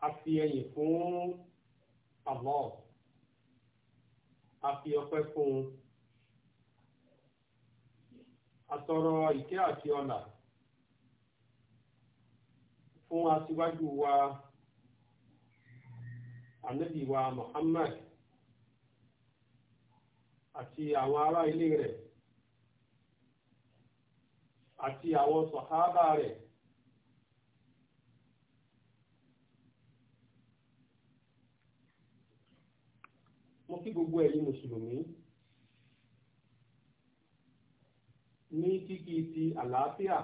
a fi ẹyìn fún Allah a fi ọpẹ́ fún un àtọrọ àti ọlà fún aṣíwájú wa ànábì wa Muhammad àti àwọn ará ilé rẹ̀ àti àwọn sọ̀hábà rẹ̀. mo kí gbogbo ẹ̀yin mùsùlùmí ní kíkí ti àlàáfíà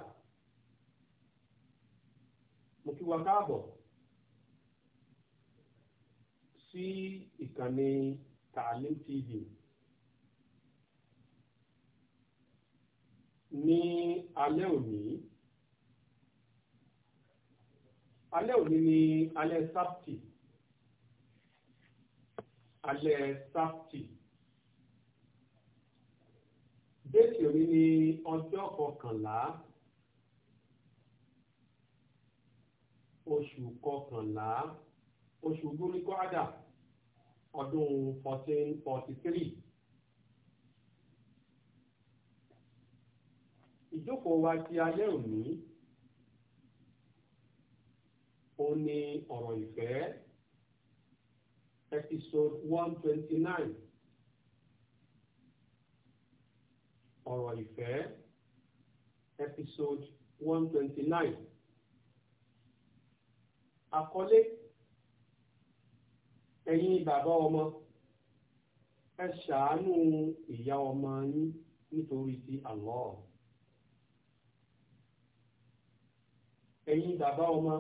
mo kí wa káàbọ̀ sí ìkànnì Taalim TV ní alẹ́ òní alẹ́ òní ni alẹ́ sábtì alẹ́ sáfìtì déètì òní ní ọjọ́ kọkànlá oṣù kọkànlá oṣù gúríkọ́ádà ọdún fourteen forty three. ìjókòó wa ti alẹ́ òní ó ní ọ̀rọ̀ ìfẹ́ episode one twenty nine ọ̀rọ̀ ìfẹ́ episode one twenty nine àkọlé ẹ̀yin bàbá ọmọ ẹ ṣàánú ìyá ọmọ yín nítorí ti Allah ẹ̀yin bàbá ọmọ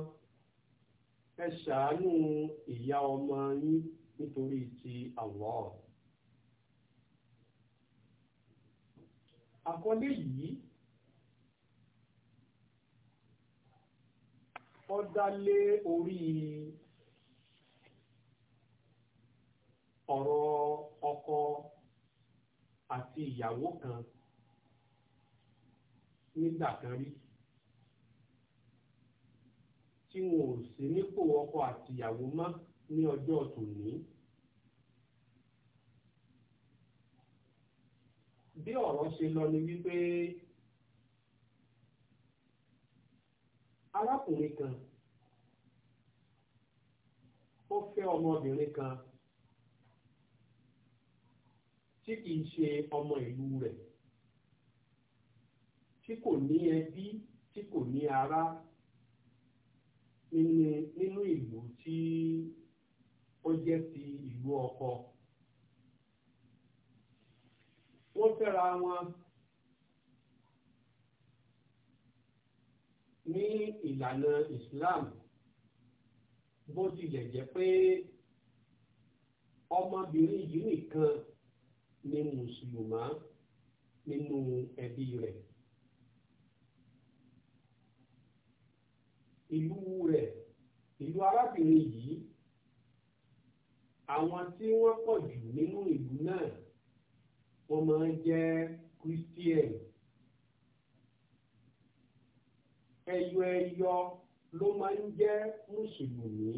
ẹ ṣàánú ìyá ọmọ yín nítorí ti Allah. àkọlé yìí ó dá lé orí ọ̀rọ̀ ọkọ àti ìyàwó kan nígbà kan rí. tí wọn ò sí nípò ọkọ àtìyàwó mọ́ ní ọjọ́ tòní. bí ọ̀rọ̀ ṣe lọ ni wípé arákùnrin kan ó fẹ́ ọmọbìnrin kan tí kìí ṣe ọmọ ìlú rẹ̀ tí kò ní ẹbí tí kò ní ara. nínú ìlú tí ó jẹ́ ti ìlú ọkọ wọ́n fẹ́ra wọn ní ìlànà Islam bó tilẹ̀ jẹ́ pé ọmọbìnrin yìí nìkan ni mùsùlùmá nínú ẹbí rẹ̀. ìlú rẹ̀ ìlú arábìnrin yìí àwọn tí wọ́n pọ̀ jù nínú ìlú náà wọ́n máa ń jẹ́ christian ẹyọ ẹyọ ló máa ń jẹ́ mùsùlùmí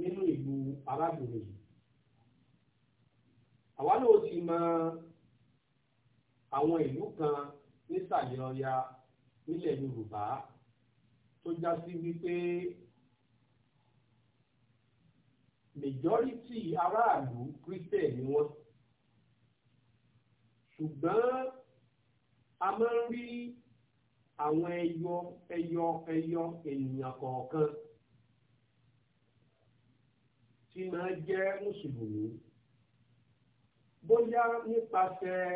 nínú ìlú arábìnrin yìí àwa náà ti mọ àwọn ìlú kan nísàlẹ̀ ọya nílẹ̀ Yorùbá tó já sí wípé majority aráàlú Christian ni wọ́n ṣùgbọ́n a máa ń rí àwọn ẹyọ ẹyọ ẹyọ ènìyàn kọ̀ọ̀kan tí máa jẹ́ mùsùlùmí bóyá nípasẹ̀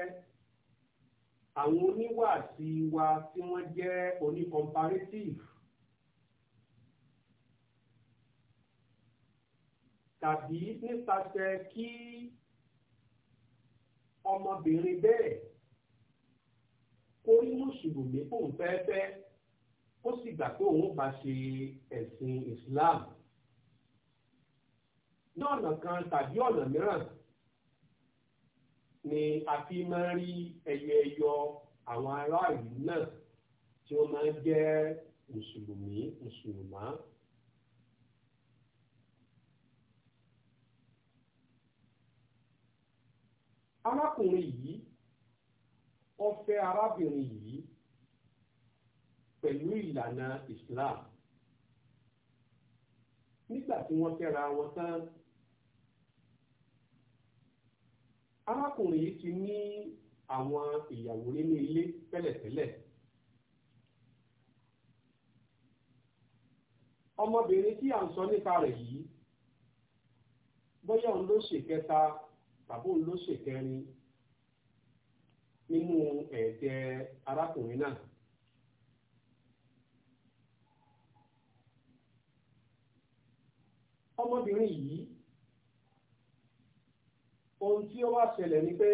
àwọn oníwàásí wa tí wọ́n jẹ́ oní-comparative tàbí nípasẹ̀ kí ọmọbìnrin bẹ́ẹ̀ kó rí mùsùlùmí fún fẹ́ẹ́fẹ́ ó sì gbà pé òun bá ṣe ẹ̀sìn Islam ní ọ̀nà kan tàbí ọ̀nà mìíràn ni a fi máa ń rí ẹyẹ ẹyọ àwọn aráàlú náà tí wọ́n máa ń jẹ́ mùsùlùmí mùsùlùmá. arákùnrin yìí ó fẹ́ arábìnrin yìí pẹ̀lú ìlànà Islam nígbà tí wọ́n fẹ́ra wọn tán. arákùnrin yìí ti ní àwọn ìyàwó nínú ilé tẹ́lẹ̀tẹ́lẹ̀ ọmọbìnrin tí à ń sọ nípa rẹ̀ yìí bóyá òun ló ṣèkẹta tàbí òun ló ṣèkẹrin nínú ẹ̀ẹ́dẹ́ arákùnrin náà. ọmọbìnrin yìí ohun tí ó wá ṣẹlẹ̀ ni pé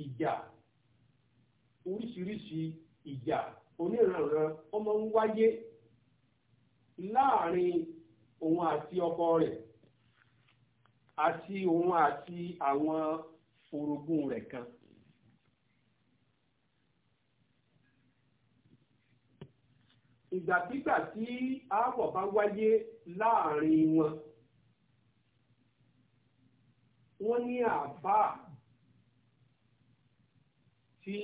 ìjà oríṣiríṣi ìjà oníranran ọmọ ń wáyé láàrin òun àti ọkọ rẹ̀ àti òun àti àwọn orogún rẹ̀ kan. ìgbàkigbà tí aáwọ̀ bá wáyé láàrin wọn wọ́n ní àáfàá tí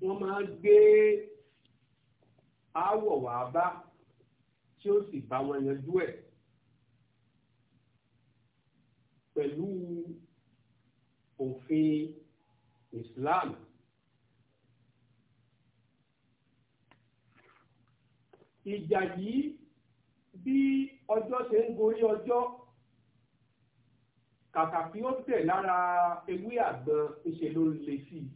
wọ́n máa gbé aáwọ̀ wá bá tí ó sì bá wọn yanjú ẹ̀ pẹ̀lú òfin Islam. ìjà yìí bí ọjọ́ ṣe ń gorí ọjọ́ kàkà kí ó tẹ̀ lára ewé àgbọn ńṣe ló ń le sí i.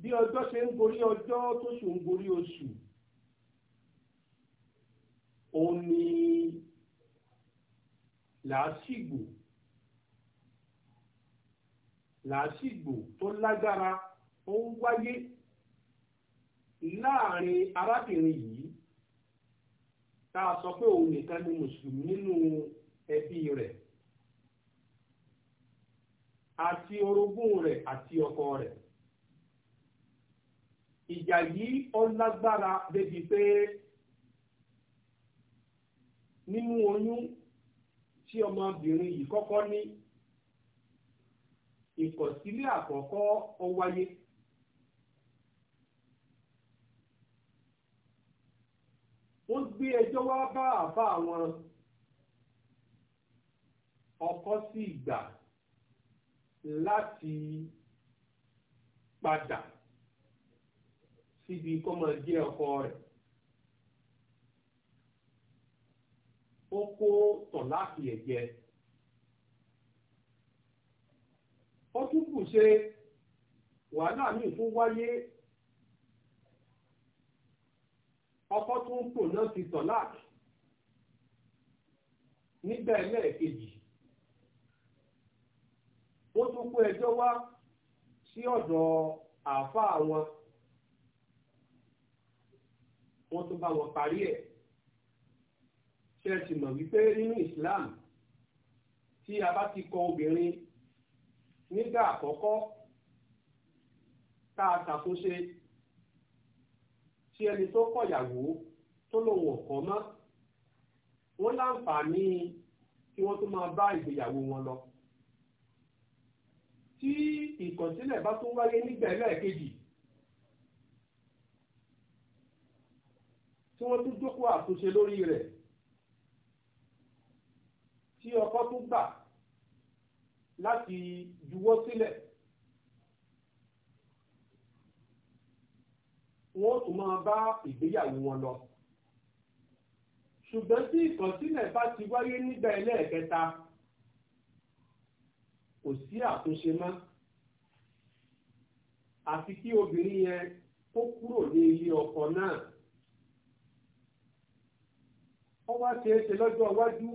bí ọjọ́ ṣe ń gorí ọjọ́ tóṣù ń gorí oṣù òun ni làásìgbò làásìgbò tó lágbára ó ń wáyé láàrin arábìnrin yìí tá a sọ pé òun nìkan ni mùsùlùmí nínú ẹbí rẹ̀ àti orogún rẹ̀ àti ọkọ rẹ̀ ìjà yìí ó lágbára débi pé nínú oyún tí ọmọbìnrin yìí kọ́kọ́ ní ìkọ̀sílẹ̀ àkọ́kọ́ ó wáyé. wọ́n gbé ẹjọ́ wá bá àbá àwọn ọkọ sì gbà láti padà síbi kó máa jẹ́ ọkọ rẹ̀ ó kó tọ̀láàkì ẹ̀ jẹ ó tún kù ṣe wàhálà míì fún wáyé ọkọ tó ń pò náà ti tọ̀láàkì nígbà ẹlẹ́ẹ̀kejì ó tún kó ẹjọ́ wá sí ọ̀dọ̀ àáfàá wọn wọ́n tún bá wọn parí ẹ̀ ṣe mọ̀ wípé nínú Islam tí a bá ti kọ obìnrin nígbà àkọ́kọ́ tá a ṣàtúnṣe tí ẹni tó kọ̀yàwó tó lòun ọ̀kọ́ mọ́ wọ́n láǹfààní kí wọ́n tún máa bá ìgbéyàwó wọn lọ tí ìkọ̀sílẹ̀ bá tún wáyé nígbà ẹlẹ́ẹ̀kejì tí wọ́n tún jókòó àtúnṣe lórí rẹ̀ tí ọkọ tún gbà láti juwọ́ sílẹ̀ wọ́n tún máa bá ìgbéyàwó wọn lọ ṣùgbọ́n tí ìkọ̀sílẹ̀ bá ti wáyé nígbà ẹlẹ́ẹ̀kẹta kò sí àtúnṣe mọ́ àfi kí obìnrin yẹn kó kúrò ní ilé ọkọ náà ó wá ṣe é ṣe lọ́jọ́ iwájú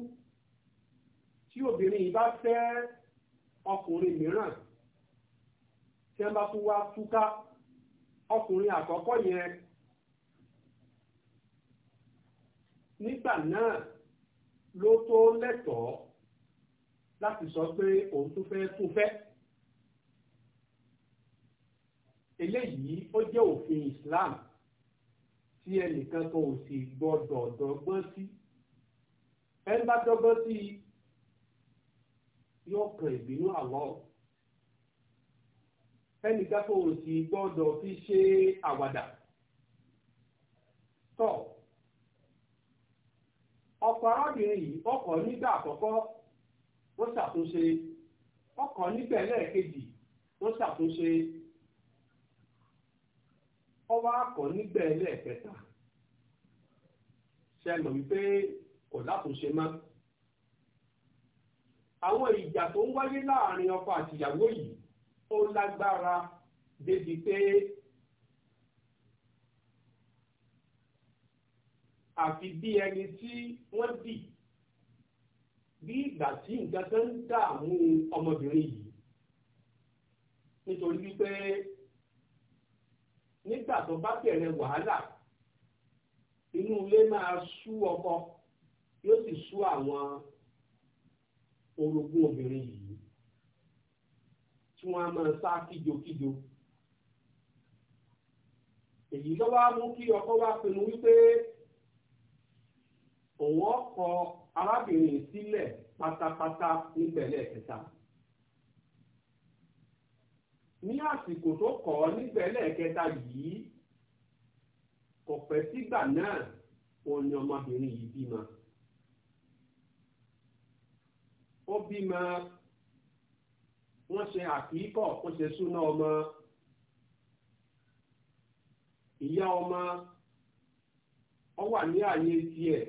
tí obìnrin yìí bá fẹ́ ọkùnrin mìíràn tí wọ́n bá tún wá túká ọkùnrin àkọ́kọ́ yẹn nígbà náà ló tó lẹ́tọ̀ọ́ láti sọ pé òun tún fẹ́ tún fẹ́ eléyìí ó jẹ́ òfin Islam tí ẹnìkan kan ò sì gbọdọ̀ dọ́gbọ́n sí ẹni bá dọ́gbọ́n sí yóò kan ìbínú àlọ́ ẹnìkan kan ò sì gbọdọ̀ fi ṣe àwàdà tọ́ ọ̀pọ̀ arábìnrin yìí ọkọ̀ nígbà àkọ́kọ́ wọ́n ṣàtúnṣe ọkàn níbẹ̀ lẹ́ẹ̀kejì wọ́n ṣàtúnṣe ọwọ́ akọ̀ níbẹ̀ lẹ́ẹ̀kẹta ṣe mọ̀ wípé kò látúnṣe mọ́ àwọn ìjà tó ń wáyé láàrin ọkọ àtìyàwó yìí ó lágbára débi pé àfi bí ẹni tí wọ́n dì bí ìgbà tí nǹkan tó ń dààmú ọmọbìnrin yìí nítorí wípé nígbà tó bá bẹ̀rẹ̀ wàhálà inú ilé máa sú ọkọ yóò sì sú àwọn orogún obìnrin yìí tí wọ́n á máa sá kíjokíjo èyí ló wá mú kí ọkọ wá pinnu wípé òun ọkọ arábìnrin sílẹ̀ pátápátá níbẹ̀lẹ̀ kẹta ní àsìkò tó kọ̀ ọ́ níbẹ̀lẹ̀ kẹta yìí kò pẹ́ sígbà náà òun ni ọmọbìnrin yìí bímọ ó bímọ wọ́n ṣe àkíkọ̀ ó ṣe súná ọmọ ìyá ọmọ ọ wà ní ààyè tiẹ̀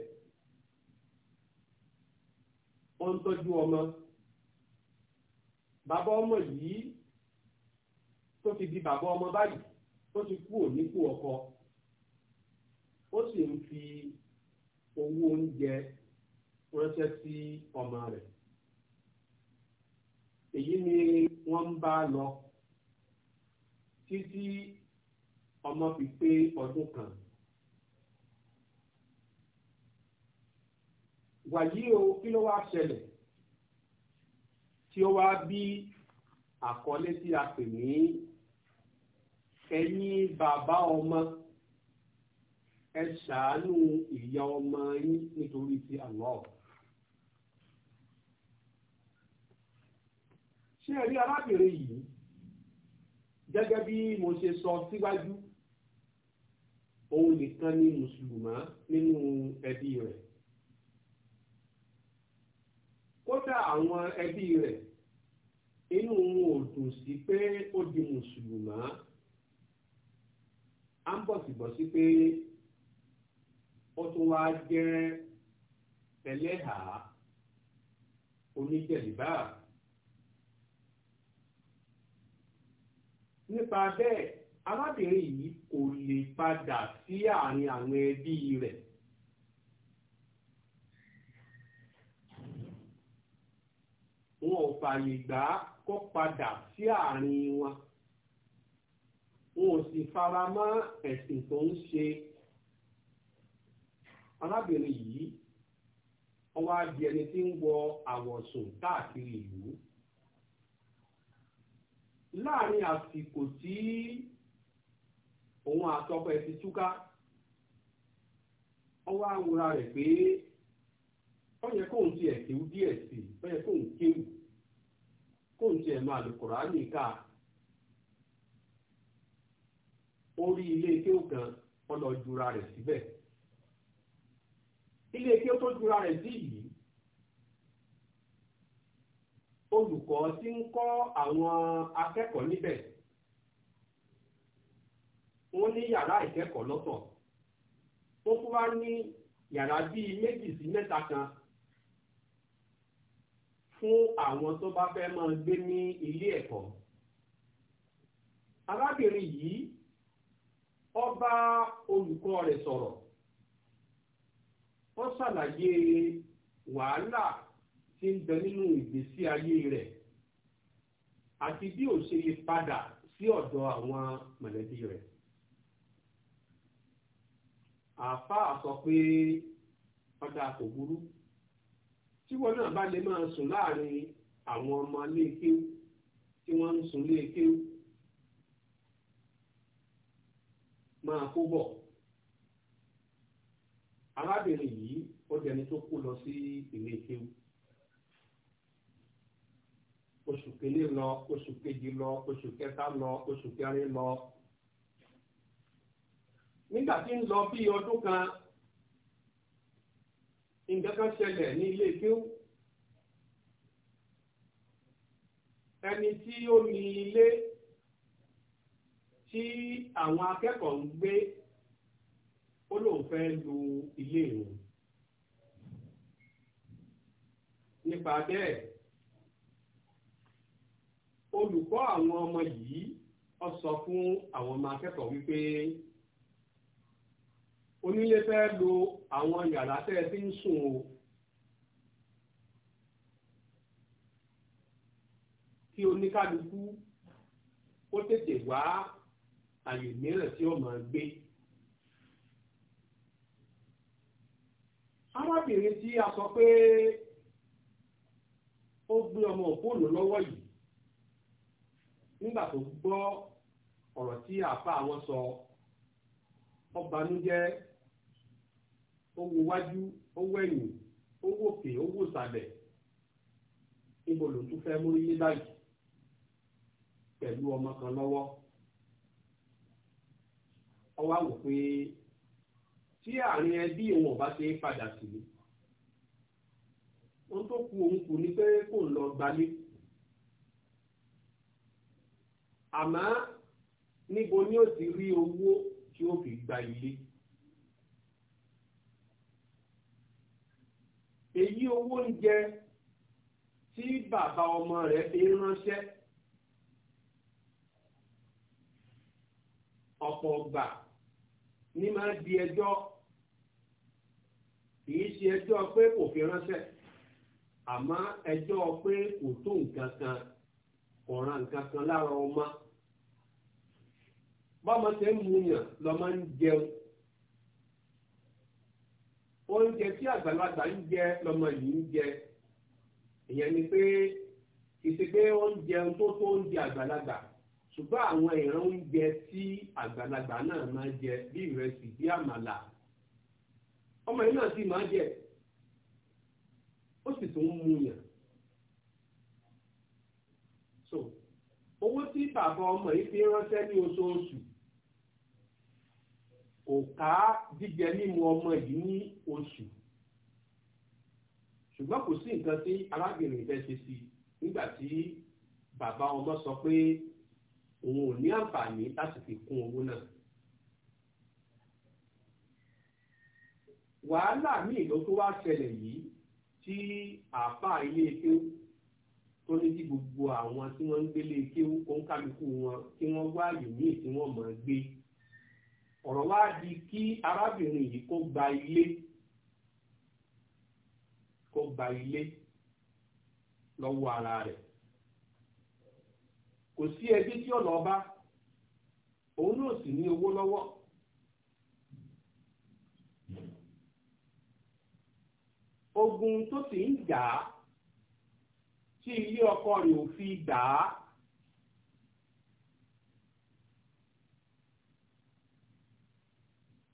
ó ń tọ́jú ọmọ bàbá ọmọ yìí tó ti di bàbá ọmọ báyìí tó ti kú òníkù ọkọ ó sì ń fi owó oúnjẹ ránṣẹ́ sí ọmọ rẹ̀ èyí ni wọ́n ń bá lọ títí ọmọ fi pé ọdún kan. wàyí o kí ló wá ṣẹlẹ̀ tí ó wá bí àkọlé tí a pè ní ẹ̀yin bàbá ọmọ ẹ ṣàánú ìyá ọmọ yín nítorí ti Allah. ṣé ẹ̀rí arábìnrin yìí gẹ́gẹ́ bí mo ṣe sọ síwájú òun nìkan ni mùsùlùmá nínú ẹbí rẹ̀. kódà àwọn ẹbí rẹ̀ inú wọn ò dùn sí pé ó di mùsùlùmá à ń bọ̀ síbọ̀ sí pé ó tún wá jẹ́ ẹlẹ́hà oníjẹ̀lìbá. nípa bẹ́ẹ̀ arábìnrin yìí kò lè padà sí àárín àwọn ẹbí rẹ̀ wọn ò fààyè gbà á kó padà sí àárín wọn wọn ò sì fara mọ́ ẹ̀sìn tó ń ṣe arábìnrin yìí ọwọ́ adi ẹni tí ń wọ àwọ̀sùn káàkiri ìlú láàrin àsìkò tí òun àtọkọ ẹ ti túká ọwọ́ àwòrán rẹ̀ pé ó yẹ kóun ti ẹ̀ kéwú sí i yẹ kóun kéwù kó n tiẹ̀ máa lè kùránì ká orí ilé kéwù kan ọlọ jura rẹ̀ síbẹ̀ ilé kéwù tó jura rẹ̀ sí yìí olùkọ́ ti ń kọ́ àwọn akẹ́kọ̀ọ́ níbẹ̀ wọ́n ní yàrá ìkẹ́kọ̀ọ́ lọ́tọ̀ wọ́n tún wá ní yàrá bíi méjì sí mẹ́ta kan fún àwọn tó bá fẹ́ máa gbé ní ilé ẹ̀kọ́ arábìnrin yìí ó bá olùkọ́ rẹ̀ sọ̀rọ̀ ó ṣàlàyé wàhálà tí ń bẹ nínú ìgbésí ayé rẹ̀ àti bí ó ṣe lè padà sí ọ̀dọ̀ àwọn mọ̀lẹ́bí rẹ̀ àáfàá sọ pé ọ̀dà kò burú tí wọ́n náà bá lè máa sùn láàrin àwọn ọmọ léèké tí wọ́n ń sùn léèké máa kó bọ̀ arábìnrin yìí ó dẹni tó kó lọ sí ilé ìkéwù oṣù kìíní lọ oṣù kejì lọ oṣù kẹta lọ oṣù kẹrin lọ nígbà tí ń lọ bí ọdún kan nǹkan kan ṣẹlẹ̀ ní ilé kéwú ẹni tí ó ní ilé tí àwọn akẹ́kọ̀ọ́ ń gbé ó lóun fẹ́ lu ilé ìrùn nípa bẹ́ẹ̀ olùkọ́ àwọn ọmọ yìí ó sọ fún àwọn ọmọ akẹ́kọ̀ọ́ wípé onílé fẹ́ lo àwọn yàrá tẹ́ ẹ ti ń sùn o kí oníkálukú ó tètè wá àyè mìíràn tí ó máa gbé. arábìnrin tí a sọ pé ó gbé ọmọ òpóòlù lọ́wọ́ yìí nígbà tó gbọ́ ọ̀rọ̀ tí àáfàá wọn sọ ọbanújẹ́ ó wo wájú ó wo ẹ̀yìn ó wo òkè ó wo ìsàlẹ̀ níbo ló tún fẹ́ múrí ní báyìí pẹ̀lú ọmọ kan lọ́wọ́ ó wá wò pé tí àárín ẹbí òun ọba ṣe padà sí wọn tó ku òun kù ní pé kò ń lọ gbalé àmọ́ níbo ni ó ti rí owó tí ó fi gba ilé. èyí owó oúnjẹ tí bàbá ọmọ rẹ̀ fi ránṣẹ́ ọ̀pọ̀ ọgbà ní máa di ẹjọ́ kìí ṣe ẹjọ́ pé kò fi ránṣẹ́ àmọ́ ẹjọ́ pé kò tó nǹkan kan kò ran nǹkan kan lára ọmọ bọ́mọ ṣe ń muyàn lọ́mọ ń jẹun oúnjẹ tí àgbàlagbà ń jẹ lọmọ yìí ń jẹ ìyẹn ni pé ìsèpé oúnjẹ tó tó oúnjẹ àgbàlagbà ṣùgbọ́n àwọn ìran oúnjẹ tí àgbàlagbà náà máa jẹ bí ìrẹsì bí àmàlà ọmọ yìí náà sì máa jẹ ó sì tún mú yàn so owó tí bàbá ọmọ yìí fi ránṣẹ́ ní oṣooṣù kò ká jíjẹ mímu ọmọ yìí ní oṣù ṣùgbọ́n kò sí nǹkan tí arábìnrin fẹ́ ṣe sí nígbà tí bàbá ọmọ sọ pé òun ò ní àǹfààní láti fi kún owó náà. wàhálà míì ló tó wá ṣẹlẹ̀ yìí tí àáfàá ilé kéwú tó ní kí gbogbo àwọn tí wọ́n ń gbélé kéwú kó ń kálukú wọn kí wọ́n wá àyè míì tí wọ́n mọ̀ ń gbé ọ̀rọ̀ wá di kí arábìnrin yìí kó gba ilé kó gba ilé lọ́wọ́ ara rẹ̀ kò sí ẹbí tí ó lọ òun náà sì ní owó lọ́wọ́. ogun tó sì ń jà á tí ilé ọkọ rẹ̀ ò fi gbà á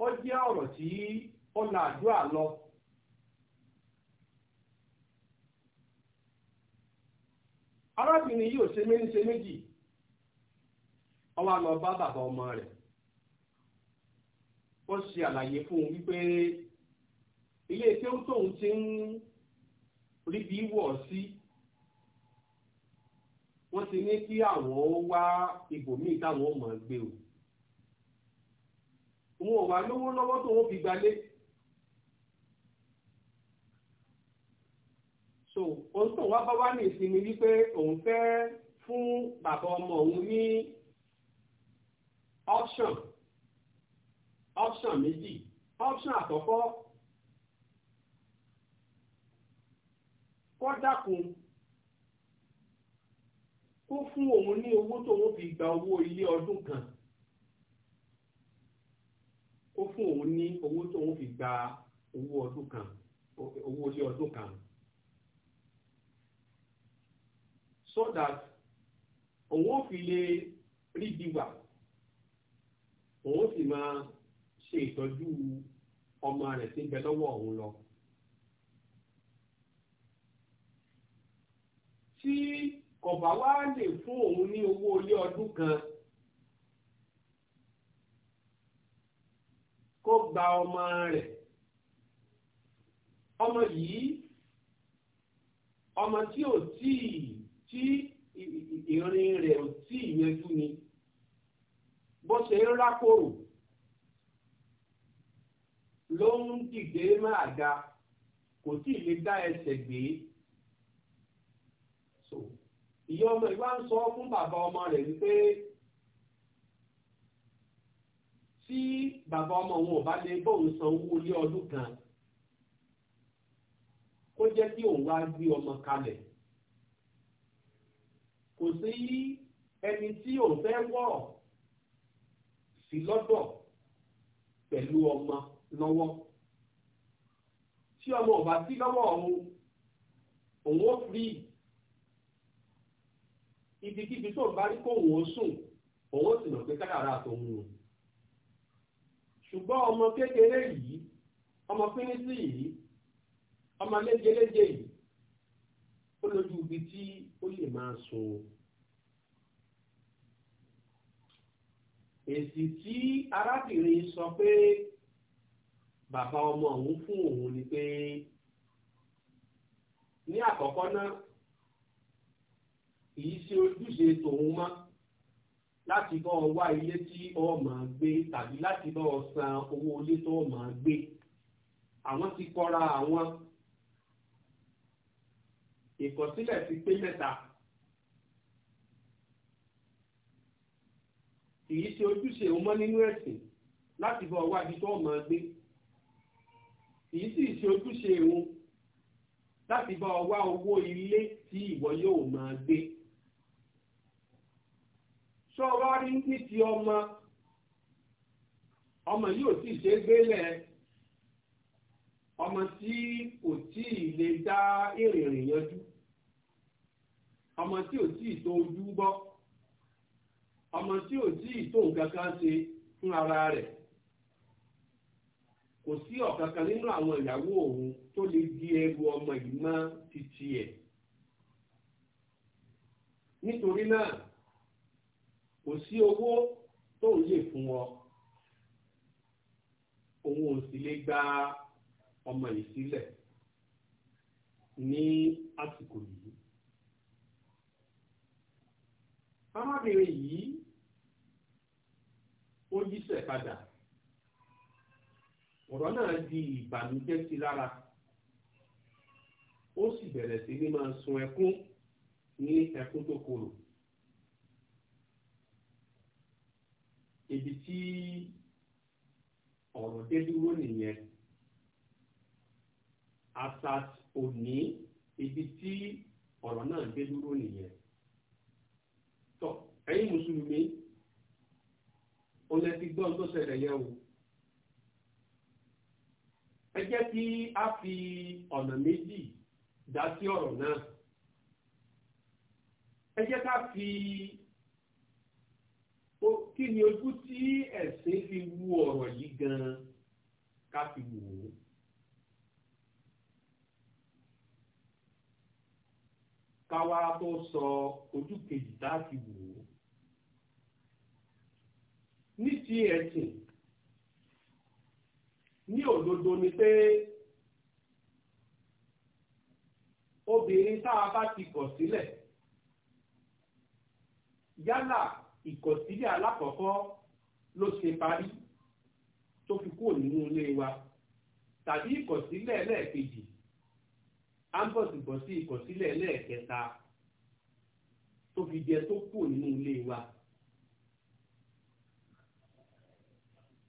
Ọ jẹ́ ọ̀rọ̀ tí ọ na-adụ lọ. arábìnrin yìí ò ṣe méjì ṣe méjì ó lọ bá bàbá ọmọ rẹ̀ Ọ ṣe àlàyé fún un wípé ilé tí ó tóun ti ń rí bí wọ̀ sí wọ́n ti ní kí àwọn wá ibòmíì táwọn ó mọ̀ gbé o. òun ò wá lówó lọ́wọ́ tó òun fi gbalé. so ohun tó wá bá wá ní ìsinmi wípé òun fẹ́ fún bàbá ọmọ òun ní option option méjì option àkọ́kọ́ kó dákun kó fún òun ní owó tóun fi gba owó ilé ọdún kan ó fún òun ní owó tó òun fi gba owó ọdún kan owó ilé ọdún kan so that òun ó fi lè rí bí wà òun ó sì máa ṣe ìtọ́jú ọmọ rẹ̀ tí ń bẹ lọ́wọ́ òun lọ. tí kò bá lè fún òun ní owó ilé ọdún kan ó gba ọmọ rẹ̀ ọmọ yìí ọmọ tí ò tí tí ìrìn rẹ̀ ò tí ìyẹjú ni bó ṣe ń rákòrò ló ń dìde máa ga kò tí ì lè dá ẹsẹ̀ gbé ìyá ọmọ ìwà ń sọ fún bàbá ọmọ rẹ̀ wípé tí bàbá ọmọ òun ò bá lè bóun san owó ilé ọdún kan kó jẹ́ kí òun wá gbé ọmọ kalẹ̀ kò sí ẹni tí òun fẹ́ wọ̀rọ̀ sí lọ́dọ̀ pẹ̀lú ọmọ lọ́wọ́ tí ọmọ ò bá sí lọ́wọ́ òun òun ó fi ibikíbi tó ń bá rí kóun ó sùn òun ó sì mọ̀ pé kádàrá àtòun nù ṣùgbọ́n ọmọ kékeré yìí ọmọ pínísì yìí ọmọ léjeléje yìí ó lójú ibi tí ó lè máa sùn. èsì tí arábìnrin sọ pé bàbá ọmọ òun fún òun ni pé ní àkọ́kọ́ náà kì í ṣe ojúṣe tòun mọ́ láti bọ́ ọ wá ilé tí ọ máa gbé tàbí láti bọ́ ọ san owó ilé tó máa gbé àwọn ti kọ́ra àwọn ìkọsílẹ̀ ti pé mẹ́ta kìí ṣe ojúṣe òun mọ́ nínú ẹ̀sìn láti bọ́ ọ wá ibi tó máa gbé kìí sì ṣe ojúṣe òun láti bọ́ ọ wá owó ilé tí ìwọ yóò máa gbé. tó o ọmọ ọmọ yìí ò tí ì ṣe é ọmọ tí ò tí ì lè dá èrè yanjú ọmọ tí ò tí ì tó ojú ọmọ tí ò tí tó nǹkan kan ṣe fún ara rẹ. kò sí ọ̀kan kan nínú àwọn ìyàwó òun tó lè di ẹrù ọmọ yìí mọ́ kò sí owó tó ń lè fún ọ òun ò sì lè gba ọmọ yìí sílẹ̀ ní àsìkò yìí arábìnrin yìí ó yíṣẹ́ padà ọ̀rọ̀ náà di ìbànújẹ́ sí lára ó sì bẹ̀rẹ̀ sí ní máa sun ẹkún ní ẹkún tó korò ibi tí ọ̀rọ̀ dé dúró nìyẹn asat òní ibi tí ọ̀rọ̀ náà dé dúró nìyẹn tó ẹ̀yin mùsùlùmí o lè ti gbọ́ tó ṣẹlẹ̀ yẹn o ẹ jẹ́ kí a fi ọ̀nà méjì dá sí ọ̀rọ̀ náà ẹ jẹ́ ká fi kí ni ojú tí ẹ̀sìn fi wú ọ̀rọ̀ yìí gan-an ká fi wò ó. káwa tó sọ ojú kejì tá a fi wò ó. ní ti ẹ̀sìn ní òdodo ni pé obìnrin tá a bá ti kọ̀ sílẹ̀ yálà ìkọ̀sílẹ̀ alákọ̀ọ́kọ́ ló ṣe parí tó fi kúrò nínú ilé wa tàbí ìkọ̀sílẹ̀ ẹlẹ́ẹ̀kejì ambọ̀sibọ̀sí ìkọ̀sílẹ̀ ẹlẹ́ẹ̀kẹta tó fi jẹ tó kúrò nínú ilé wa.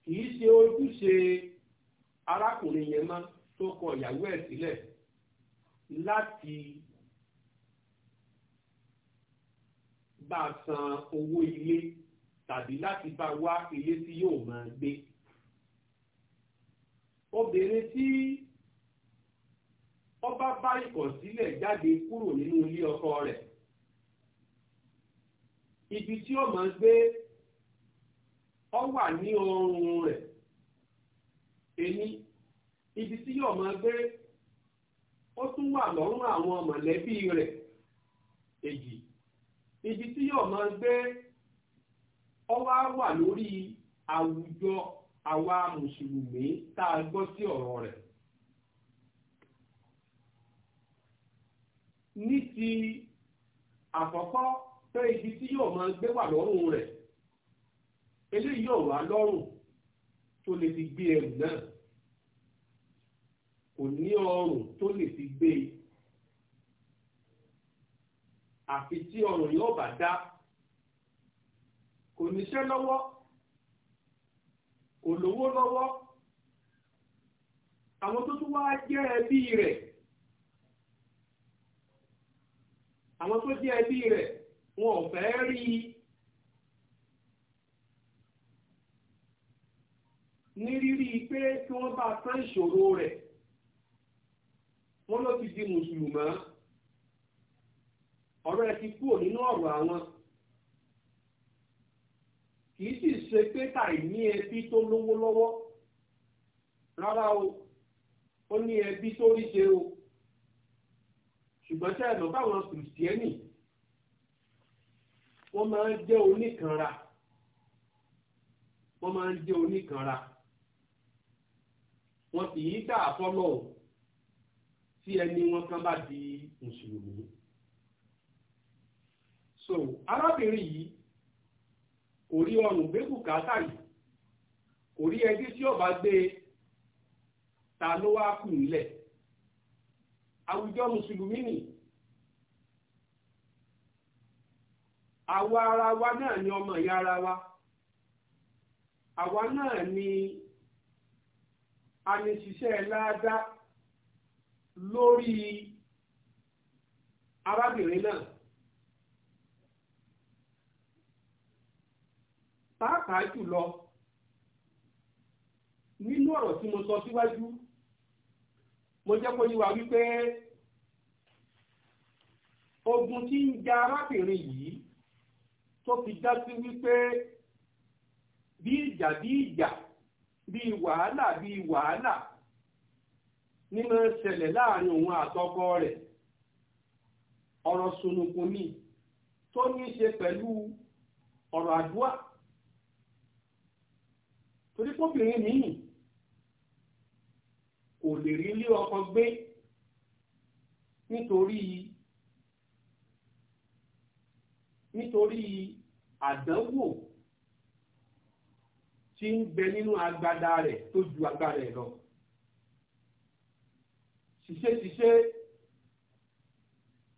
kìí ṣe ojúṣe arákùnrin yẹn mọ́ tó kọ ìyàwó ẹ̀ sílẹ̀ láti bá a san owó ilé tàbí láti bá a wá ilé tí yóò máa gbé. obìnrin tí ọba bá ìkọ̀sílẹ̀ jáde kúrò nínú ilé ọkọ rẹ̀ ibi tí ó máa gbé ọ wà ní ọrùn rẹ̀ ẹni ibi tí yóò máa gbé ó tún wà lọ́rùn àwọn mọ̀lẹ́bí rẹ̀ èjì ibi tí yóò máa gbé ọ wá wà lórí àwùjọ àwa mùsùlùmí tá a gbọ́ sí ọ̀rọ̀ rẹ̀. ní ti àkọ́kọ́ pé ibi tí yóò máa gbé wà lọ́rùn rẹ̀ eléyìí yóò wá lọ́rùn tó lè fi gbé ẹrù náà kò ní ọrùn tó lè fi gbé e àfi tí ọrùn yóò bá dá kò níṣẹ́ lọ́wọ́ kò lówó lọ́wọ́ àwọn tó tún wá jẹ́ ẹbí rẹ̀ àwọn tó jẹ́ ẹbí rẹ̀ wọn ò fẹ́ rí i ní pé kí wọ́n bá tán ìṣòro rẹ̀ wọ́n ló ti di mùsùlùmọ́ ọ̀rọ̀ ẹ ti kúrò nínú ọ̀rọ̀ àwọn kì í sì ṣe pé tàìní ẹbí tó lówó lọ́wọ́ rárá o ó ní ẹbí tó rí ṣe o ṣùgbọ́n tẹ́ ẹ lọ báwọn kìrìsìtẹ́nì wọ́n máa ń jẹ́ oníkanra wọ́n máa ń jẹ́ oníkanra wọ́n sì yí dà fọ́lọ́ tí ẹni wọn kan bá di mùsùlùmí. so arábìnrin yìí kò rí ọrùn gbé bùkátà yìí kò rí tí ọba gbé e. ta ló wá kù nílẹ̀ àwùjọ mùsùlùmí nì àwa ara wa náà ni ọmọ ìyá ara wa àwa náà ni a ní ṣiṣẹ́ láàdá lórí arábìnrin náà pàápàá jùlọ nínú ọ̀rọ̀ tí mo sọ síwájú mo jẹ́ kó wa wípé ogun tí ń ja arábìnrin yìí tó fi dá sí wípé bí ìjà bí ìjà bí wàhálà bí wàhálà ní máa ń ṣẹlẹ̀ láàrin òun àtọkọ rẹ̀ ọ̀rọ̀ sunukun ni tó ní í torí pọ́bìnrin nìyí kò lè rí ilé ọkọ gbé nítorí nítorí àdánwò tí ń bẹ nínú agbada rẹ̀ tó ju agbára rẹ̀ lọ ṣiṣẹ́ṣiṣẹ́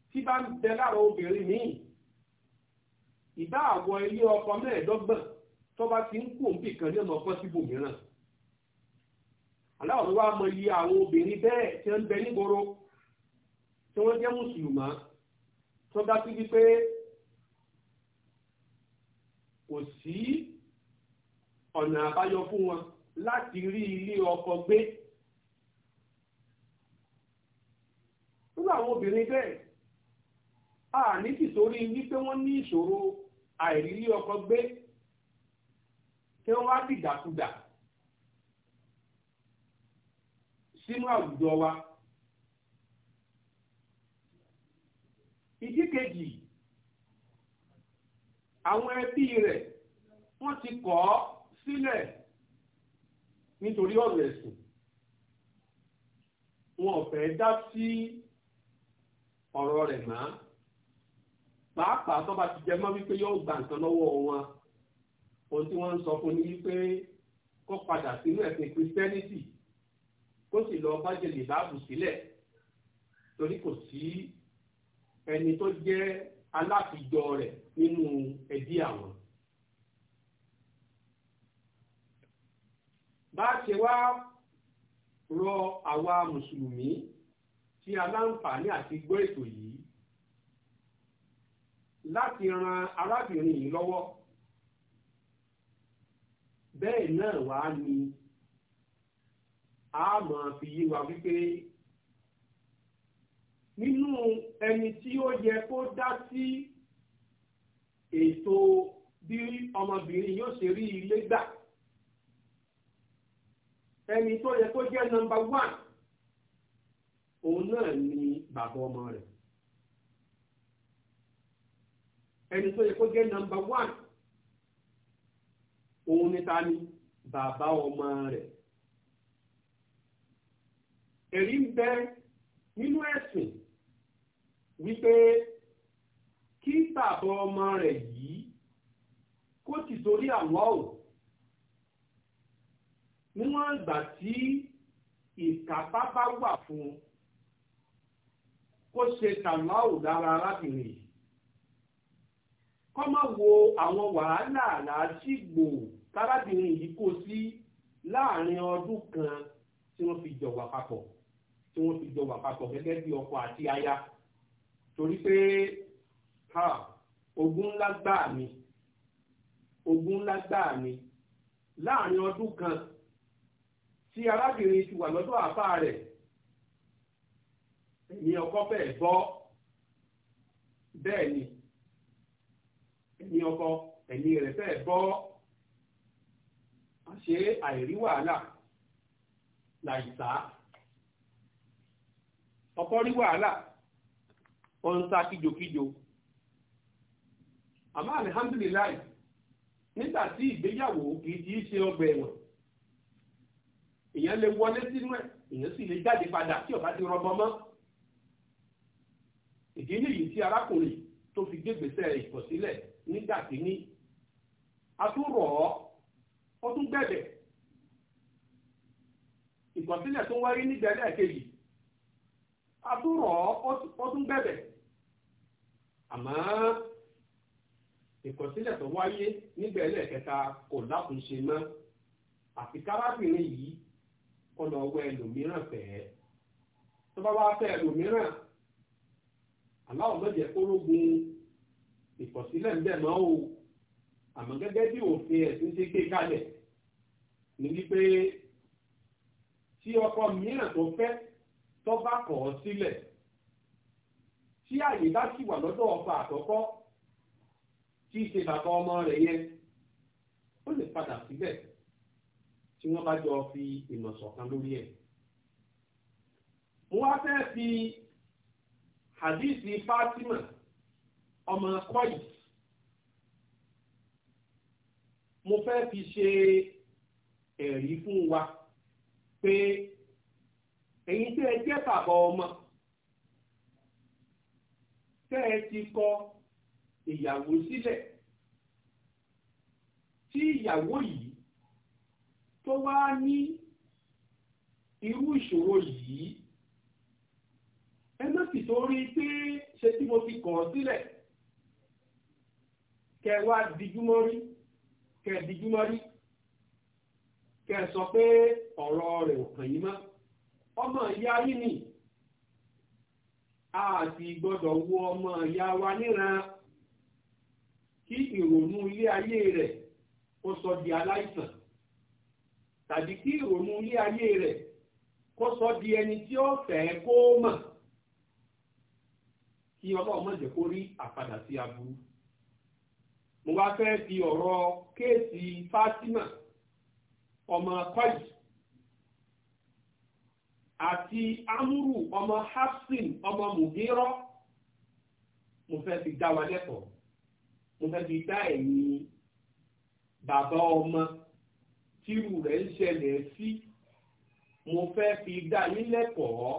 tí bá ń bẹ lára obìnrin míì ìbá àwọ ilé ọkọ mẹ́ẹ̀ẹ́dọ́gbọ̀n tó bá ti ń kú òǹbì kan ní ọ̀nà pọ́síbù mìíràn aláwọ̀ ló wá mọ iye àwọn obìnrin bẹ́ẹ̀ tí wọ́n ń bẹ nígboro tí wọ́n jẹ́ mùsùlùmá tó dá sí wípé kò sí ọ̀nà àbáyọ fún wọn láti rí ilé ọkọ gbé nínú àwọn obìnrin bẹ́ẹ̀ a ní tìtorí wípé wọ́n ní ìṣòro àìrí ilé ọkọ gbé kí wọ́n wá dìdàkudà sínú àwùjọ wa. ìdí kejì àwọn ẹbí rẹ̀ wọ́n ti kọ̀ ọ́ sílẹ̀ nítorí ọ̀rọ̀ ẹ̀sìn wọn ò fẹ́ dá sí ọ̀rọ̀ rẹ̀ mọ́ pàápàá tó bá ti jẹ mọ́ wípé yóò gba nǹkan lọ́wọ́ wọn ohun tí wọ́n ń sọ fún ni wípé kó padà sínú ẹ̀sìn Christianity kó sì lọ bájẹlì báàbù sílẹ̀ torí kò sí ẹni tó jẹ́ aláfijọ rẹ̀ nínú ẹbí àwọn. bá a ṣe wá rọ àwa mùsùlùmí tí aláǹfààní àti gbọ́ ètò yìí láti ran arábìnrin yìí lọ́wọ́ bẹ́ẹ̀ náà wá ní a máa fi yé wa wípé nínú ẹni tí ó yẹ kó dá sí ètò bí ọmọbìnrin yóò ṣe rí ilé gbà ẹni tó yẹ kó jẹ́ nọ́mbà wán òun náà ni bàbá ọmọ rẹ̀ ẹni tó yẹ kó jẹ́ nọ́mbà wán òun ní ta ni bàbá ọmọ rẹ̀ èrí ń bẹ nínú ẹ̀sìn wípé kí bàbá ọmọ rẹ̀ yìí kó ti torí àwọn ò níwọ̀n ìgbà tí ìkápá bá wà fún un kó ṣe tàláwò lára arábìnrin yìí kọ́ máa wo àwọn wàhálà làásìgbò tárábìnrin yìí kó sí láàrin ọdún kan tí wọ́n fi jọ wà papọ̀ tí wọ́n fi jọ wà papọ̀ gẹ́gẹ́ bí ọkọ àti aya torí pé ha ogun ńlá gbáà ni ogun ńlá gbáà ni láàrin ọdún kan tí arábìnrin ti wà lọ́dọ̀ àbá rẹ̀ ẹ̀mí ọkọ fẹ́ẹ̀ bọ́ bẹ́ẹ̀ ni ẹ̀mí ọkọ ẹ̀mí rẹ̀ fẹ́ẹ̀ bọ́ ṣé àìrí wàhálà làìsá ọkọ rí wàhálà ó ń sá kíjokíjo àmọ́ alihamdulilayi nígbà tí ìgbéyàwó kì í ti ṣe ọgbà ẹ̀wọ̀n èèyàn lè wọlé sínú ẹ̀ èèyàn sì lè jáde padà tí ó bá ti rọgbọ mọ́ ìdí nìyí tí arákùnrin tó fi gbégbèsè ìkọ̀sílẹ̀ nígbà kínní a tún rọ̀ ọ́ ó tún gbẹ̀bẹ̀ ìkọ̀sílẹ̀ tó ń wáyé nígbẹ̀lẹ́ ó tún gbẹ̀bẹ̀ àmọ́ ìkọ̀sílẹ̀ tó wáyé kẹta kò lákùnṣe mọ́ àti kárábìnrin yìí kó lọ wẹ ẹlòmíràn fẹ́ tó bá wá fẹ́ ẹlòmíràn aláwọ̀ lọ́jẹ̀ kórógun ìkọ̀sílẹ̀ ń bẹ̀ mọ́ o àmọ́ gẹ́gẹ́ bí òfin ẹ̀sìn gbé ní wípé tí ọkọ mìíràn tó fẹ́ tó bá kọ̀ ọ́ sílẹ̀ tí àyè bá sì wà lọ́dọ̀ ọkọ àkọ́kọ́ tí í ṣe bàbá ọmọ rẹ̀ yẹn ó lè padà síbẹ̀ tí wọ́n bá jọ fi ìmọ̀ ṣọ̀kan lórí ẹ̀. wọ́n á fẹ́ fi hadithi Fatima ọmọ kọ́yì mo fẹ́ fi ṣe ẹ̀rí fún wa pé ẹ̀yin tí ẹ jẹ́ bàbá ọmọ tẹ́ ẹ ti kọ ìyàwó sílẹ̀ tí ìyàwó yìí tó wá ní irú ìṣòro yìí ẹ má sì tó rí pé ṣe tí mo fi kàn án sílẹ̀ kẹ wá dijúmọ́ rí kẹ dijúmọ́ rí. kẹ́ sọ pé ọ̀rọ̀ rẹ̀ ò kàn yín ọmọ ìyá yín ni a ti gbọdọ wo ọmọ ìyá wa níran kí ìrònú ilé ayé rẹ̀ kó sọ di aláìsàn tàbí kí ìrònú ilé ayé rẹ̀ kó sọ di ẹni tí ó fẹ́ kó mọ̀ kí kó rí sí aburú fi ọrọ kéèsì ọmọ kọ́ì àti amúrù ọmọ hafsin ọmọ mùhírọ́ mo fẹ́ fi dá wa lẹ́kọ̀ọ́ mo fẹ́ fi dá ẹ̀yin bàbá ọmọ tírù rẹ̀ ń ṣẹlẹ̀ sí mo fẹ́ fi dá yín lẹ́kọ̀ọ́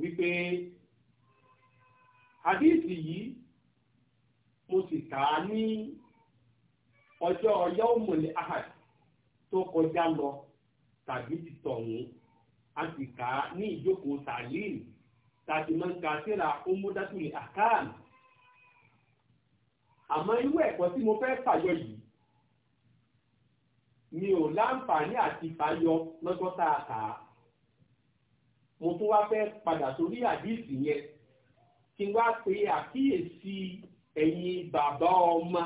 wípé àdíìsì yìí mo sì kà á ní ọjọ́ yọ́ọ̀mùlẹ̀ ahad tó kọjá lọ tàbí ti tọ̀hún a sì kà á ní ìjókòó tàlíìlì tàbí máa ń ka síra ọmọdátúlẹ̀ àkáàmù àmọ́ irú ẹ̀kọ́ tí mo fẹ́ fàyọ yìí mi ò láǹfààní àti fàyọ lọ́jọ́ tá a kà á mo tún wá fẹ́ padà sórí àdíìsì yẹn kí n wá pe àkíyèsí ẹ̀yin bàbá ọmọ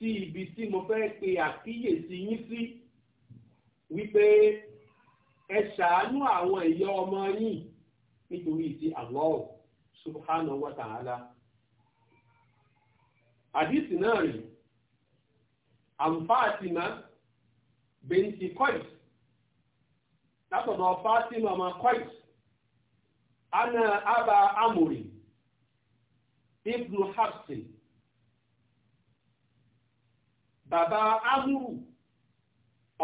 sí ibi tí mo fẹ́ pe àkíyèsí yín sí wípé ẹ ṣàánú àwọn ìyá ọmọ yín nítorí ti Allah subhanahu wa ta'ala àdìsí náà rí àǹfààtìmá bẹ́ntì kọ́ìs látọ̀dọ̀ fátímà ọmọ kọ́ìs ana aba amòrì ibnu hafsin bàbá amúrù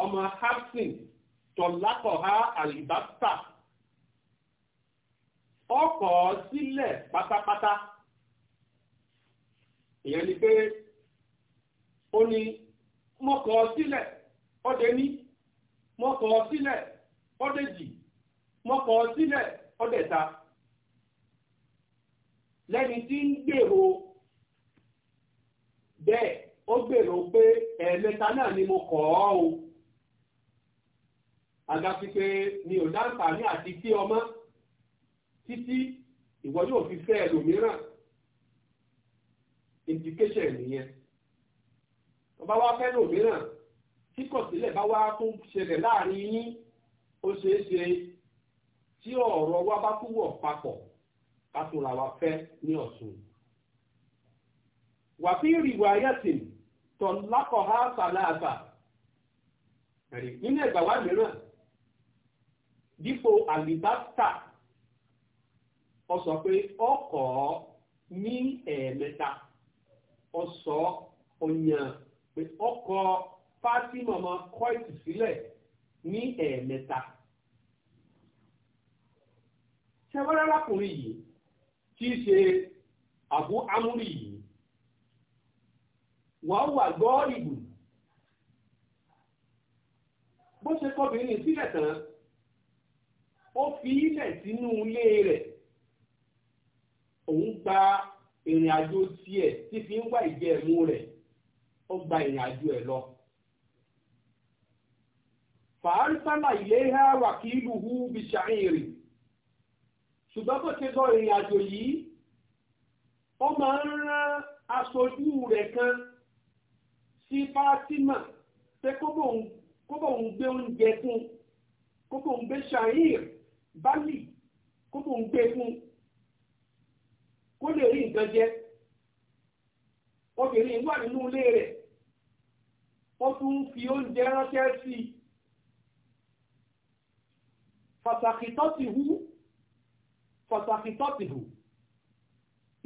ọmọ hapsin tọ̀lákọ̀há àlìbáta ọkọ̀ sílẹ̀ pátápátá ìyẹn ni pé ó ní mo kọ̀ sílẹ̀ ọdẹ ní mo kọ̀ sílẹ̀ ọdẹ jì mo kọ̀ sílẹ̀ ọdẹ ta lẹ́ni tí ń gbèrò bẹ́ẹ̀ ó gbèrò pé ẹ̀ẹ̀mẹta náà ni mo kọ̀ ọ́ o àgàfi pé mi ò láǹfààní àti tí ọmọ títí ìwọ yóò fi fẹ́ ẹlòmíràn indication nìyẹn ọba wa fẹ́ ẹlòmíràn kíkọ̀sílẹ̀ bá wá tún ṣẹlẹ̀ láàrin yín ó ṣeé ṣe tí ọ̀rọ̀ wa bá papọ̀ ká ra wa fẹ́ ní ọ̀sùn tọ̀lákọ̀há sàlàsà nínú ẹ̀gbà wá mìíràn dípò àlìbáta ó sọ pé ọkọ̀ ní ẹ̀ẹ̀mẹ́ta ó sọ ọ̀yàn pé ọkọ̀ fátímọ̀mọ́ kọ́ìtì sílẹ̀ ní ẹ̀ẹ̀mẹ́ta ṣẹ́wọ́n arákùnrin yìí tí í ṣe àbú amúrì yìí wọ́n wà gọ́ọ̀lìbù bó ṣe kọbìnrin sílẹ̀ tán ó fi ilẹ̀ sínú ilé rẹ̀ òun gba ìrìn àjò tiẹ̀ tí fi ń wá ìjẹ ẹ̀mú rẹ̀ ó gba ìrìn àjò ẹ̀ lọ. fàárísánà ilé ha wà kí ìlú hu bí ṣàìrì ṣùgbọ́n bó ṣe gbọ́ ìrìn àjò yìí ó máa ń rán aṣojú rẹ̀ kan sí Fátímà pé kóbò ń gbé oúnjẹ fún kóbò ń gbé ṣàhír bálì kóbò ń gbé fún kó lè rí nǹkan jẹ obìnrin wà nínú ilé rẹ̀ ó tún ń fi oúnjẹ ránṣẹ́ sí i pàtàkì tó ti hù pàtàkì tó ti hù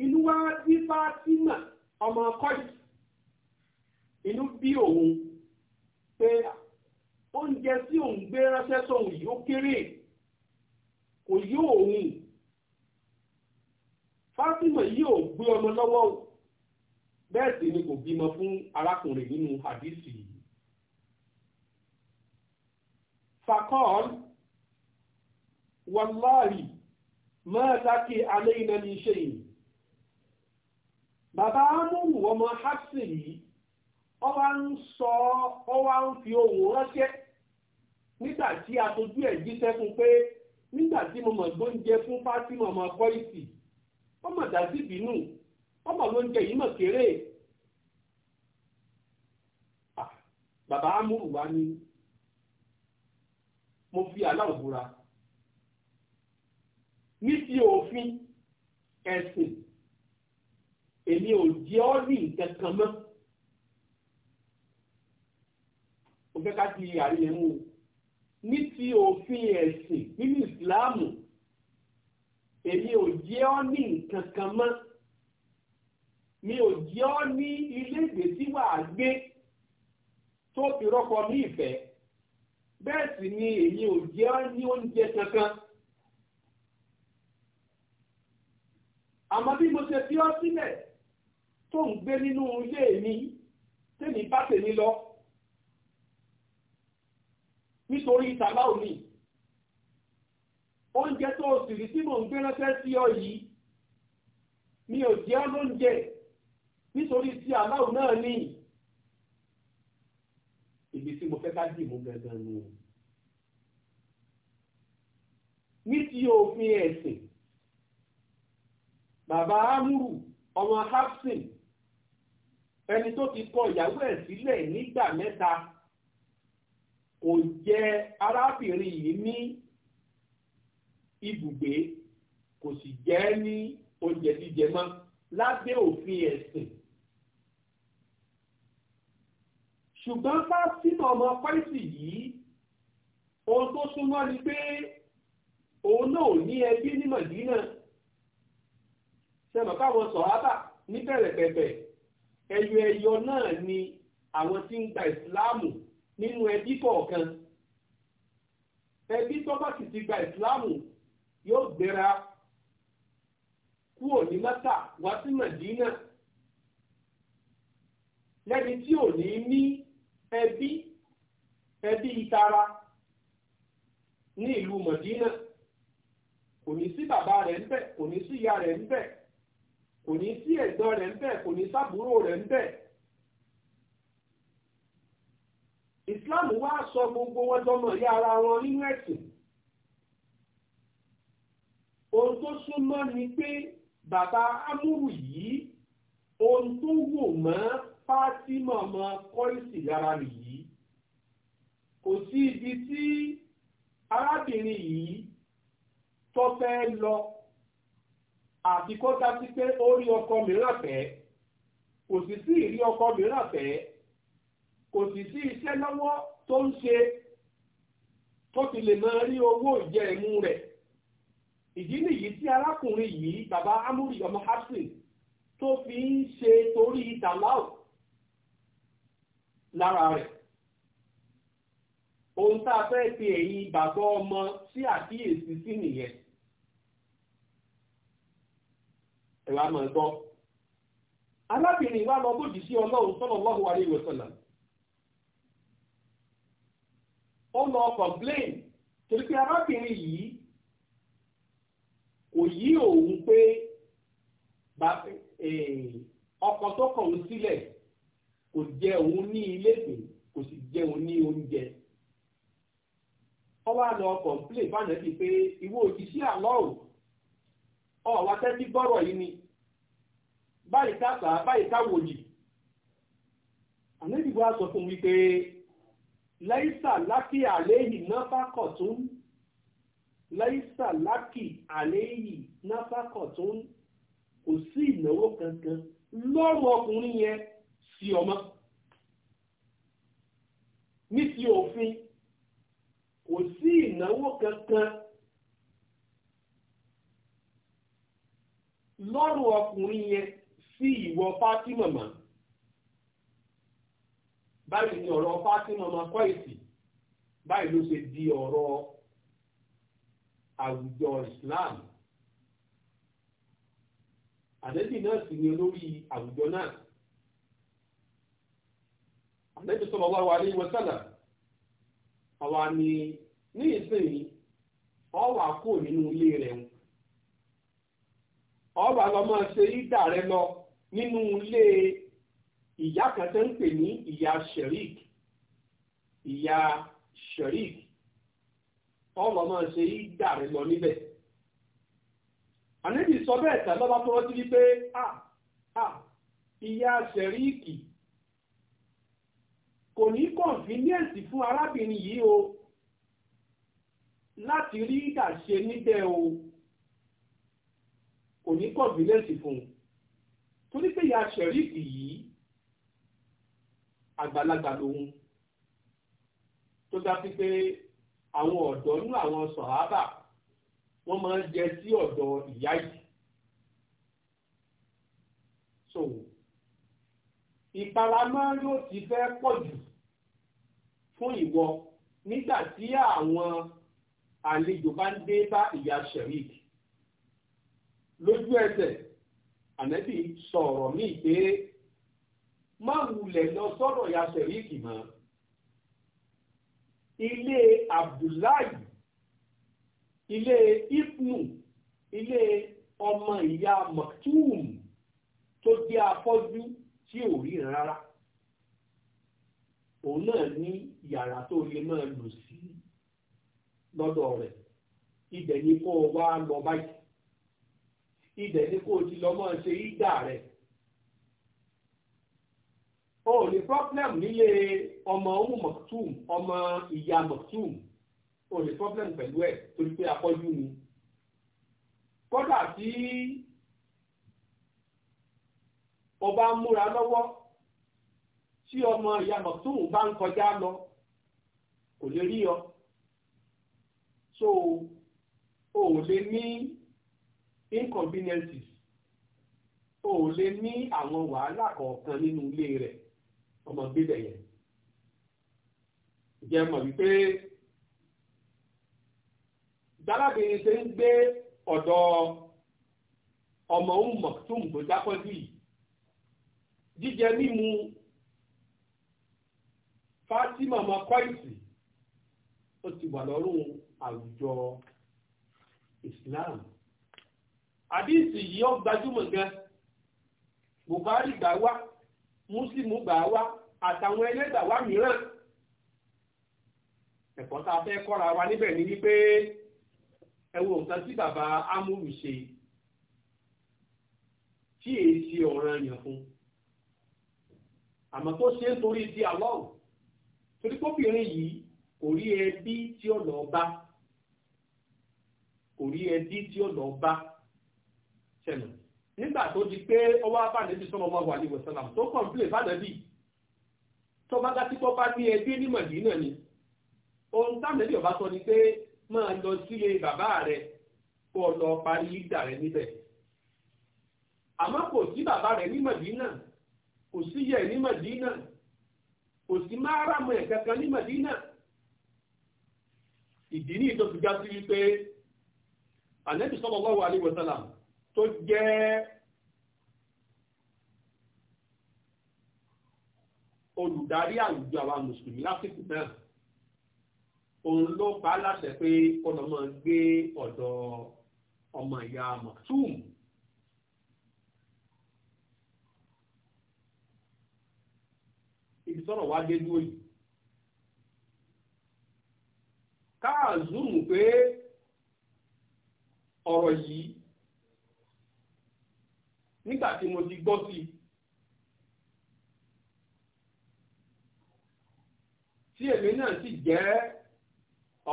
inú wa bí Fátímà ọmọ kọ́yìí inú bí òun pé oúnjẹ tí òun gbé ránṣẹ́ sóhun yìí ó kéré kò yí òun Fátímà yìí ò gbé ọmọ lọ́wọ́ bẹ́ẹ̀ sì ni kò bímọ fún arákùnrin nínú hadisi yìí fakọ́ọ̀l wàláàrí máa lákè alẹ́ iná ní iṣẹ́ yìí bàbá amóhùn ọmọ hásìn yìí ọwá ń sọ ọwá ń fi ohùn ránṣẹ́ nígbà tí aṣojú ẹ̀ jíṣẹ́ fún pé nígbà tí mo mọ̀ gbóúnjẹ fún fátímọ̀ ọmọ kọ́ìsì ọmọ dàsí bínú ọmọ lóúnjẹ yìí mọ̀ kéré bàbá amúrù ni mo fi aláwòbúra ní ti òfin ẹ̀sìn èmi ò jẹ́ ọ́ ní nǹkan kan mọ́. fẹ́ ká di àríyẹ mú ní ti òfin ẹ̀sìn nínú ìsìláàmù èmi ò jẹ́ ọ́ ní nǹkan kan mọ́ mi ò jẹ́ ọ́ ní ilé ìgbésí wà á gbé tó fi rọ́pò ní ìfẹ́ bẹ́ẹ̀ sì ni èmi ò jẹ́ ọ́ ní oúnjẹ kankan. àmọ́ bí mo ṣe fi ọ́ sílẹ̀ tó ń gbé nínú ilé mi tèmi bá tèmi lọ nítorí ìtàlá òní oúnjẹ tó o sì rí tí mò ń gbé ránṣẹ́ sí ọ yìí mi ò jẹ́ ọ́ lóúnjẹ nítorí tí aláwò náà ní ibi tí mo fẹ́ ká dì mú gangan nù ní ti òfin ẹ̀sìn bàbá amúrù ọmọ hapsin ẹni tó ti kọ ìyàwó ẹ̀ sílẹ̀ nígbà mẹ́ta kò jẹ arábìnrin yìí ní ibùgbé kò sì jẹ́ ní oúnjẹ jíjẹ mọ́ lábẹ́ òfin ẹ̀sìn. ṣùgbọ́n fásitì ọmọ pẹ́sì yìí ohun tó súnmọ́ ni pé òun náà ò ní ẹbí ní mọ̀dínà ṣe mọ̀ káwọn sọ̀hábà ní bẹ̀rẹ̀ pẹ̀pẹ̀ ẹyọ ẹyọ náà ni àwọn tí ń gba ìsìláàmù nínú ẹbí kọ̀ọ̀kan ẹbí tó bá sì ti gba ìsìláàmù yóò gbéra kúrò ní mẹ́ta wá sí mẹ̀dínà lẹ́ni tí ò ní ní ẹbí ẹbí ìtara ní ìlú mẹ̀dínà kò ní sí bàbá rẹ̀ ń bẹ̀ kò ní sí ìyá rẹ̀ ń bẹ̀ kò ní sí ẹ̀gbọ́n rẹ̀ ń bẹ̀ kò ní sábúrò rẹ̀ ń bẹ̀. Islam wá sọ gbogbo wọn tọmọ rí ara wọn nínú ẹ̀sìn ohun tó súnmọ́ ni pé bàbá amúrù yìí ohun tó wò mọ́ fátímọ̀ ọmọ kọ́ìsì lára nìyí kò sí ibi tí arábìnrin yìí tó fẹ́ lọ àfi kó dá sí pé ó rí ọkọ mìíràn fẹ́ kò sì sí ìrí ọkọ mìíràn fẹ́ kò sì sí iṣẹ́ lọ́wọ́ tó ń ṣe tó fi lè máa rí owó ìjẹ ìmu rẹ̀ ìdí nìyí tí arákùnrin yìí bàbá amúrí ọmọ hasan tó fi ń ṣe torí ìdàláwò lára rẹ̀ ohun tá a fẹ́ fi ẹ̀yìn bàbá ọmọ sí àkíyèsí sí nìyẹn ẹ̀rọ àmọ̀ ẹ̀gbọ́ alábìnrin wa lọ bójì sí ọlọ́run sallallahu alaihi wasallam ó lọ complain torí pé arábìnrin yìí kò yí òun pé eh, ọkọ tó kọ̀ òun sílẹ̀ kò jẹ òun ní ilé pè kò sì jẹ òun ní oúnjẹ ó wá lọ complain fáwọn ẹbí pé ìwọ òjíṣẹ́ àlọ́ ò ọ̀ wá tẹ́tí gbọ́rọ̀ yìí ni báyìí ká sàá báyìí ká wòlíì àlejò wa sọ fún mi pé laisa laki àléyìí náfàkọ̀ tó ń laisa laki àléyìí náfàkọ̀ tó ń kò sí ìnáwó kankan lọ́rùn ọkùnrin yẹn sí ọmọ ní ti òfin kò sí ìnáwó kankan lọ́rùn ọkùnrin yẹn sí ìwọ fátímọ̀mọ́. báyìí ni ọ̀rọ̀ Fátímọ̀ ọmọ Kọ́ìsì báyìí ló ṣe di ọ̀rọ̀ àwùjọ Islam àdébì náà sì ni olórí àwùjọ náà àdébì sọ̀rọ̀ wá wa ni ní ọwa ọwà n'inu nínú ilé rẹ̀ ń ọwà lọ́mọ ṣe ídà rẹ lọ nínú ilé ìyá kan tó ń pè ní ìyá sherik ìyá sherik ọlọ máa ṣe ìgbà rẹ lọ níbẹ̀ àníbi sọ bẹ́ẹ̀ tà lọ́ba tó rántí wípé à à ìyá sheríkì kò ní kọ̀nfíníẹ̀sì fún arábìnrin yìí o láti rí ìdàṣe níbẹ̀ o kò ní kọ̀nfíníẹ̀sì fún un torí pé ìyá sheríkì yìí àgbàlagbà lòun tó dá sí pé àwọn ọ̀dọ́ nú àwọn sọ̀hábà wọ́n máa ń jẹ sí ọ̀dọ̀ ìyá yìí. so ìparamọ́ yóò ti fẹ́ pọ̀ jù fún ìwọ nígbà tí àwọn àlejò bá ń dé bá ìyá sherik lójú ẹsẹ̀ ànẹ́bí sọ̀rọ̀ míì pé má wulẹ̀ lọ sọ́dọ̀ ya sẹ̀ríkì mọ́ ilé abdullahi ilé ibnu ilé ọmọ ìyá maktum tó jẹ́ afọ́jú tí ò ríran rárá òun náà ní yàrá tó lè máa lò sí lọ́dọ̀ rẹ̀ ibẹ̀ ni kó o wá lọ báyìí ibẹ̀ ni kó o ti lọ máa ṣe ìdá rẹ̀ o ò ní problem nílé ọmọ ọmú mọ̀túm ọmọ ìyá mọ̀túm o ò ní problem pẹ̀lú ẹ̀ torí pé afọ́jú ni kódà tí o bá ń múra lọ́wọ́ tí ọmọ ìyá mọ̀túm bá ń kọjá lọ kò lè rí ọ so o ò lè ní inconveniences o ò lè ní àwọn wàhálà kọ̀ọ̀kan nínú ilé rẹ̀ ọmọ gbébẹ̀ yẹn ìjẹ́ mọ̀ wípé dálábìnrin ṣe ń gbé ọ̀dọ̀ ọmọ òun mọ̀tún tó dákọ́jú yìí jíjẹ mímu Fátímà ọmọ kọ́ìsì ó ti wà lọ́rùn àwùjọ Islam àdìsí yìí ó gbajúmọ̀ gan Buhari gbà wá múslímù gbà wá àtàwọn ẹlẹ́gbà wá mìíràn ẹ̀kọ́ tá a fẹ́ kọ́ra wa níbẹ̀ ni wípé ẹ wo nǹkan tí bàbá amúlù ṣe tí èyí ṣe ọ̀ràn yàn fún àmọ́ tó ṣe ń torí ti àlọ́ọ̀ torí kóbìnrin yìí kò rí ẹbí tí ó lọ bá kò rí ẹbí tí ó lọ bá sẹ́nu nígbà tó di pé ó wá bàdẹ́bí sọ́nà ọmọ wà ní wẹ̀sánà tó kọ̀ǹpilẹ̀ bàdẹ́bí tó bá dá sípò bá ní ẹbí ní mọ̀dínà ni ohun tábìlẹ́bí ọba sọ ni pé máa lọ sílé bàbá rẹ kó lọ parí ìdà rẹ níbẹ̀ àmọ́ kò sí bàbá rẹ ní mọ̀dínà kò sí yẹ ní mọ̀dínà kò sí máàrámù ẹ̀ kankan ní mọ̀dínà ìdí ní ìtọ́sí já sí wípé ànẹ́bí sọ́mọ́ wà ní wẹ̀sánà tó jẹ́ olùdarí àwùjọ àwa mùsùlùmí lásìkò náà òun ló pa á láṣẹ pé kọ́nà máa gbé ọ̀dọ̀ ọmọ ìyá Maktoum ibi sọ̀rọ̀ wá dé dúró yìí káà zoomu pé ọ̀rọ̀ yìí nígbà tí mo ti gbọ́ sí i tí èmi náà sì jẹ́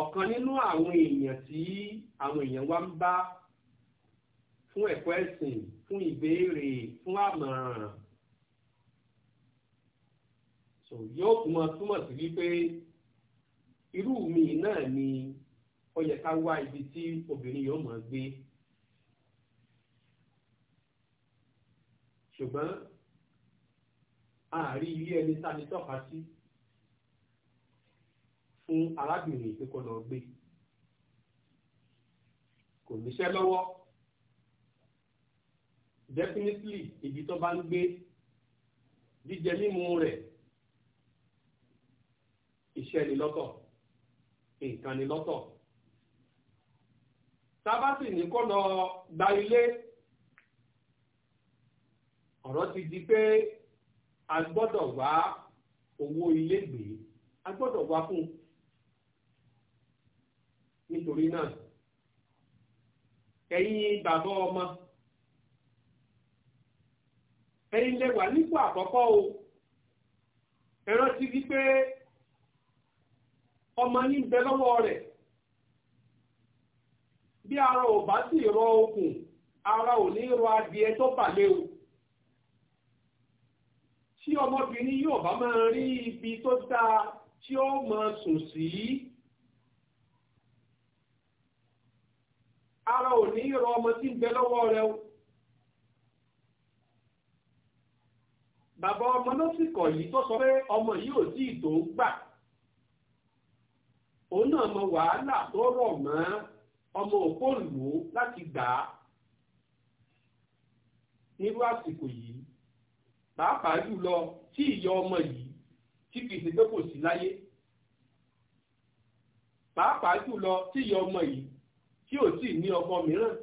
ọ̀kan nínú àwọn èèyàn tí àwọn èèyàn wá ń bá fún ẹ̀kọ́ ẹ̀sìn fún ìbéèrè fún àmọ̀ràn so yóò túmọ̀ túmọ̀ sí wípé irú mi náà ni ó yẹ ká wá ibi tí obìnrin yóò máa gbé. ṣùgbọ́n àárí ilé ẹni tani tọ́ka sí fún arábìnrin ìpínkọ́ lọ gbé kò níṣẹ́ lọ́wọ́ definitely ibi tó bá ń gbé jíjẹ mímu rẹ̀ iṣẹ́ ni lọ́tọ̀ nǹkan ni lọ́tọ̀ tábàtì ní kó lọ gba ilé. ọ̀rọ̀ ti di pé a wá owó ilégbèé a gbọ́dọ̀ wá fún un nítorí náà ẹ̀yin bàbá ọmọ ẹ̀yin lè wà nípò àkọ́kọ́ o ẹ rántí wípé ọmọ yín bẹ lọ́wọ́ rẹ̀ bí ara ò bá sì rọ okùn ara ò ní rọ adìẹ tó bà lé o. tí ọmọbìnrin yóò bá máa rí ibi tó dáa tí ó máa sùn sí ara ò ní rọ ọmọ tí ń bẹ lọ́wọ́ rẹ o bàbá ọmọ lọ́sìkọ̀ yìí tó sọ pé ọmọ yìí ò tí ì tó gbà òun náà mọ wàhálà tó rọ̀ mọ́ ọmọ òpóòlù láti gbà á nírú àsìkò yìí pàápàá jùlọ tí ìyá ọmọ yìí tí kì í ṣe pé kò sí láyé pàápàá jùlọ tí ìyá ọmọ yìí tí ò tí ì ní ọkọ mìíràn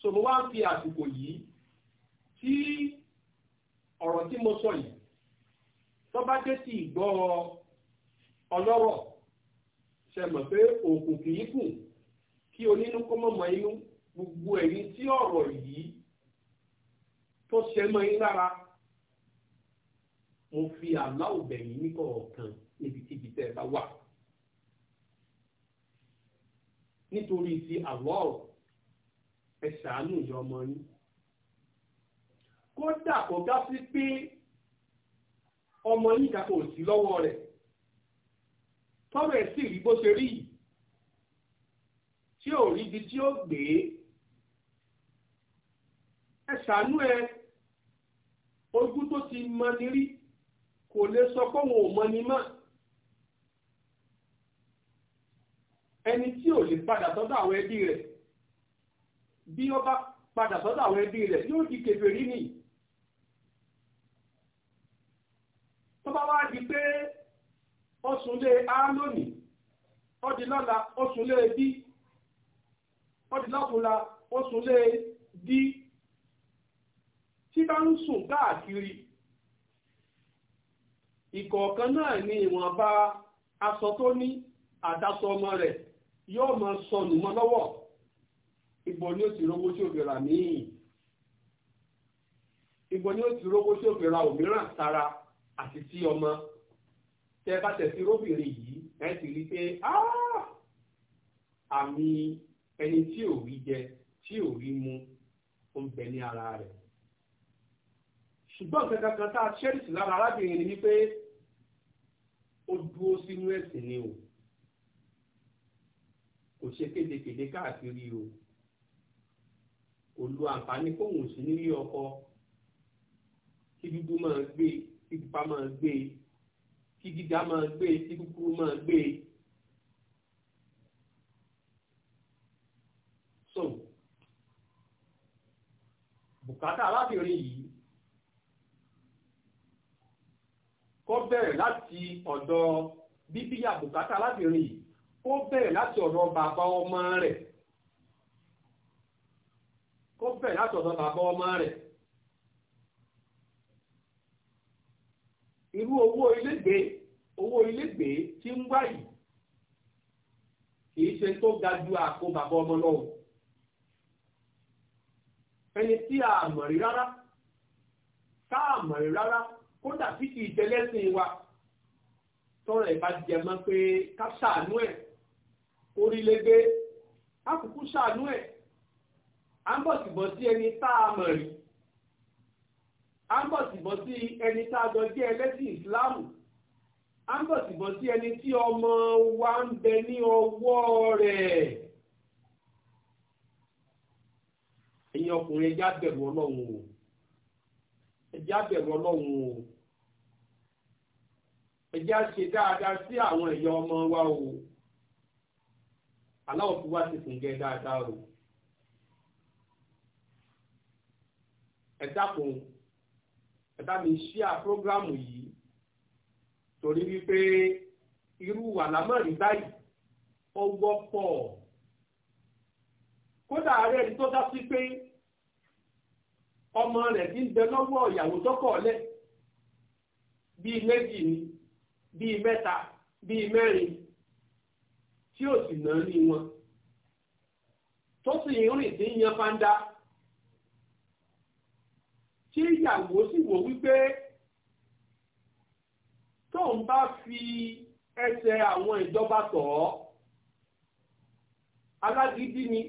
so mo wá ń fi àsìkò yìí tí ọ̀rọ̀ tí mo sọ yìí tó bá dé sí ìgbọ́ ọlọ́rọ̀ ṣe mọ̀ pé òkùnkùn yìí kù kí onínú kó mọ̀ mọ́ inú gbogbo ẹ̀yin tí ọ̀rọ̀ yìí tó ṣe mọ́ yín lára mo fi aláwọ̀ bẹ̀yìn níkọ̀ọ̀kan níbikíbi tẹ́ ẹ bá wà nítorí ti Allah ẹ ṣàánú ìyá ọmọ yín kódà kò gá sí pé ọmọ yín kà sí lọ́wọ́ rẹ̀ tọ́rọ̀ ẹ̀ sì rí bó ṣe rí yìí tí ò rí ibi tí ó gbé ẹ ṣàánú ẹ ojú tó ti mọ ni rí kò lè sọ pé òun ò mọ ni mọ́ ẹni tí ò lè padà sọ́dọ̀ àwọn ẹbí rẹ̀ bí ó bá padà sọ́dọ̀ àwọn ẹbí rẹ̀ yóò di kèfèrí ni tó bá wá di pé ọ̀sùnlé á lónìí ọdí bí ọdí lọ́kùnla ọ̀sùnlé ń sùn káàkiri ìkọ̀ọ̀kan náà ni ìwọ̀nba aṣọ tó ní àdásọ ọmọ rẹ̀ yóò mọ sọnù mọ́ lọ́wọ́ ìbọn ni ó ti rówó tí ó fi rà míì ìbọn ni ó ti rówó tí ó fi ra òmíràn sára àti sí ọmọ tẹ bá tẹ̀sí róbìnrin yìí ẹ sì rí i pé àmì ẹni tí ò rí jẹ tí ò rí mu ó ń bẹ ní ara rẹ̀ ṣùgbọ́n nǹkan kan tá a ṣẹ́rìsì lára arábìnrin ni wípé ó dúró sínú ẹ̀sìn ni o kò ṣe kédekède káàkiri o kò lo àǹfààní kóhùn sí nílé ọkọ kí dúdú máa gbé kí pupa máa gbé kí gíga máa gbé kí kúkúrú máa gbé. bùkátà arábìnrin yìí kó bẹ̀rẹ̀ láti ọ̀dọ̀ bíbí àbùkátà alábìnrin yìí kó bẹ̀rẹ̀ láti ọ̀dọ̀ bàbá ọmọ rẹ̀ kó bẹ̀rẹ̀ láti ọ̀dọ̀ bàbá ọmọ rẹ̀ irú owó ilégbèé owó ilégbèé tí ń wáyìí kìí ṣe tó ga ju àpò bàbá ọmọ lọ́wọ́ ẹni tí a mọ̀ rí rárá tá a mọ̀ rí rárá kódà tí kì í tẹ́lẹ́sìn wa tọ́rọ̀ ẹ̀ bá jẹ mọ́ pé ká ṣàánú ẹ̀ orílẹ̀-èdè àkùkù ṣàánú ẹ̀ à ń bọ̀ síbọ̀ sí ẹni tá a mọ̀ rí à ń bọ̀ síbọ̀ sí ẹni tá a jọ jẹ́ ẹlẹ́sìn ìsìláàmù à ń bọ̀ síbọ̀ sí ẹni tí ọmọ wa ń bẹ ní ọwọ́ rẹ̀. ẹ̀yin ọkùnrin ẹja bẹ̀rù ọlọ́run o ẹja bẹ̀rù ọlọ́run o ẹjẹ́ á ṣe dáadáa sí àwọn ẹ̀yà ọmọ wa o aláwọ̀ fún wa ti sùn gẹ́ dáadáa o ẹ dákun ẹ bá mi ṣíà prógrámù yìí torí wípé irú àlámọ̀rí báyìí ó wọ́pọ̀ kódà ààrẹ ẹni tó dá sí pé ọmọ rẹ̀ ti ń bẹ lọ́wọ́ ìyàwó tọkọ lẹ̀ bíi méjì ni. bíi mẹ́ta bíi mẹ́rin tí ò sì náà ní wọn tó sì rìn sí yan fanda tí ìyàwó sì wò wípé tó ń bá fi ẹsẹ àwọn ìjọba tọ̀ ọ́ alágídí ni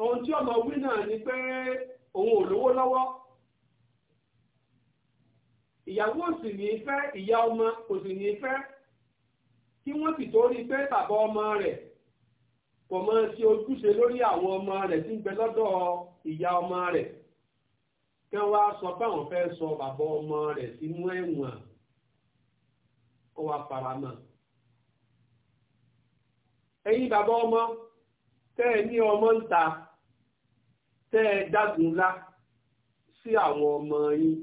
ohun tí ọmọ wí náà ni pé òun ò lówó lọ́wọ́. ìyàwó òsì ní í fẹ́ ìyá ọmọ òsì ní í fẹ́ kí wọ́n sì torí pé bàbá ọmọ rẹ̀ kò mọ ṣe ojúṣe lórí àwọn ọmọ rẹ̀ tí ń bẹ lọ́dọ̀ ìyá ọmọ rẹ̀ kí wọ́n wá sọ báwọn fẹ́ sọ bàbá ọmọ rẹ̀ sínú ẹ̀wọ̀n kó wá faramọ́. ẹ̀yin bàbá ọmọ tẹ́ ẹ ní ọmọ ń ta tẹ́ ẹ dágunlá sí àwọn ọmọ yín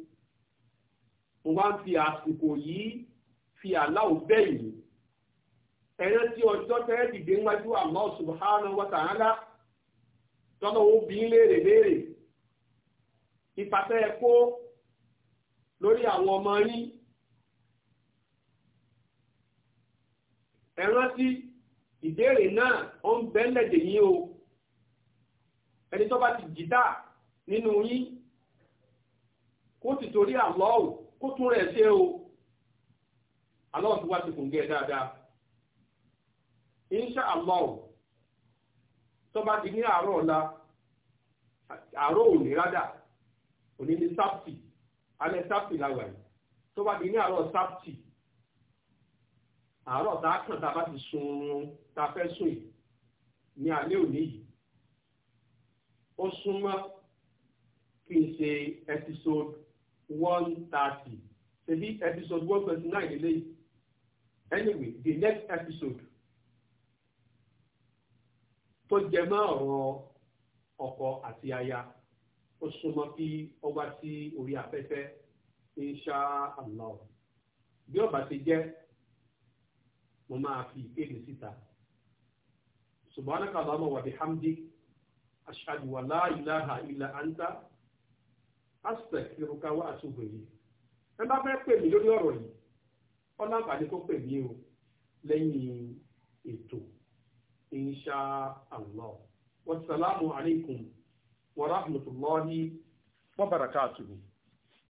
mo wá ń fi àsìkò yìí fi aláwọ̀ bẹ́ẹ̀ yìí ẹ̀rẹ́ tí ọjọ́ tẹ́rẹ́ dìde níwájú Allah subhanahu wa ta'ala tọ́nà ó bí ń léèrè léèrè ìpàtẹ́ ẹ kó lórí àwọn ọmọ yín ẹ̀rọ sí ìbéèrè náà ó ń bẹ́lẹ̀dẹ̀ yín o ẹni tó bá ti jìdá nínú yín kó sì torí Allah kó tún rẹ̀ ṣe o aláwọ̀ tó wá ti kùn gẹ́ dáadáa insha allah tó bá ti ní àárọ̀ ọ̀la àárọ̀ òní rádà òní ní sáptì alẹ́ sáptì láwàá yìí tó bá ti ní àárọ̀ sáptì àárọ̀ tá a kàn tá a bá ti sun tá a fẹ́ sùn yìí ní alẹ́ òní yìí ó súnmọ́ kí n ṣe episode one thirty ṣebí episode one twenty nine lélẹ́yìí anyway the next episode tó jẹ mọ́ ọ̀rọ̀ ọkọ àti aya ó súnmọ́ kí ó wá sí orí afẹ́fẹ́ insha allah bí ọba ti jẹ́ mo máa fi ìkéde síta subhanaka allahumma wa bihamdi ashhadu wa la ilaha illa anta aspect ìrùkà wá àṣùgbò yìí ẹ bá fẹ́ pè mí lórí ọ̀rọ̀ yìí ọ̀nà àbáni kó pè mí o lẹ́yìn ètò insha allah wasalaamu alaykum wa rahmatulahi wa barakatuhu.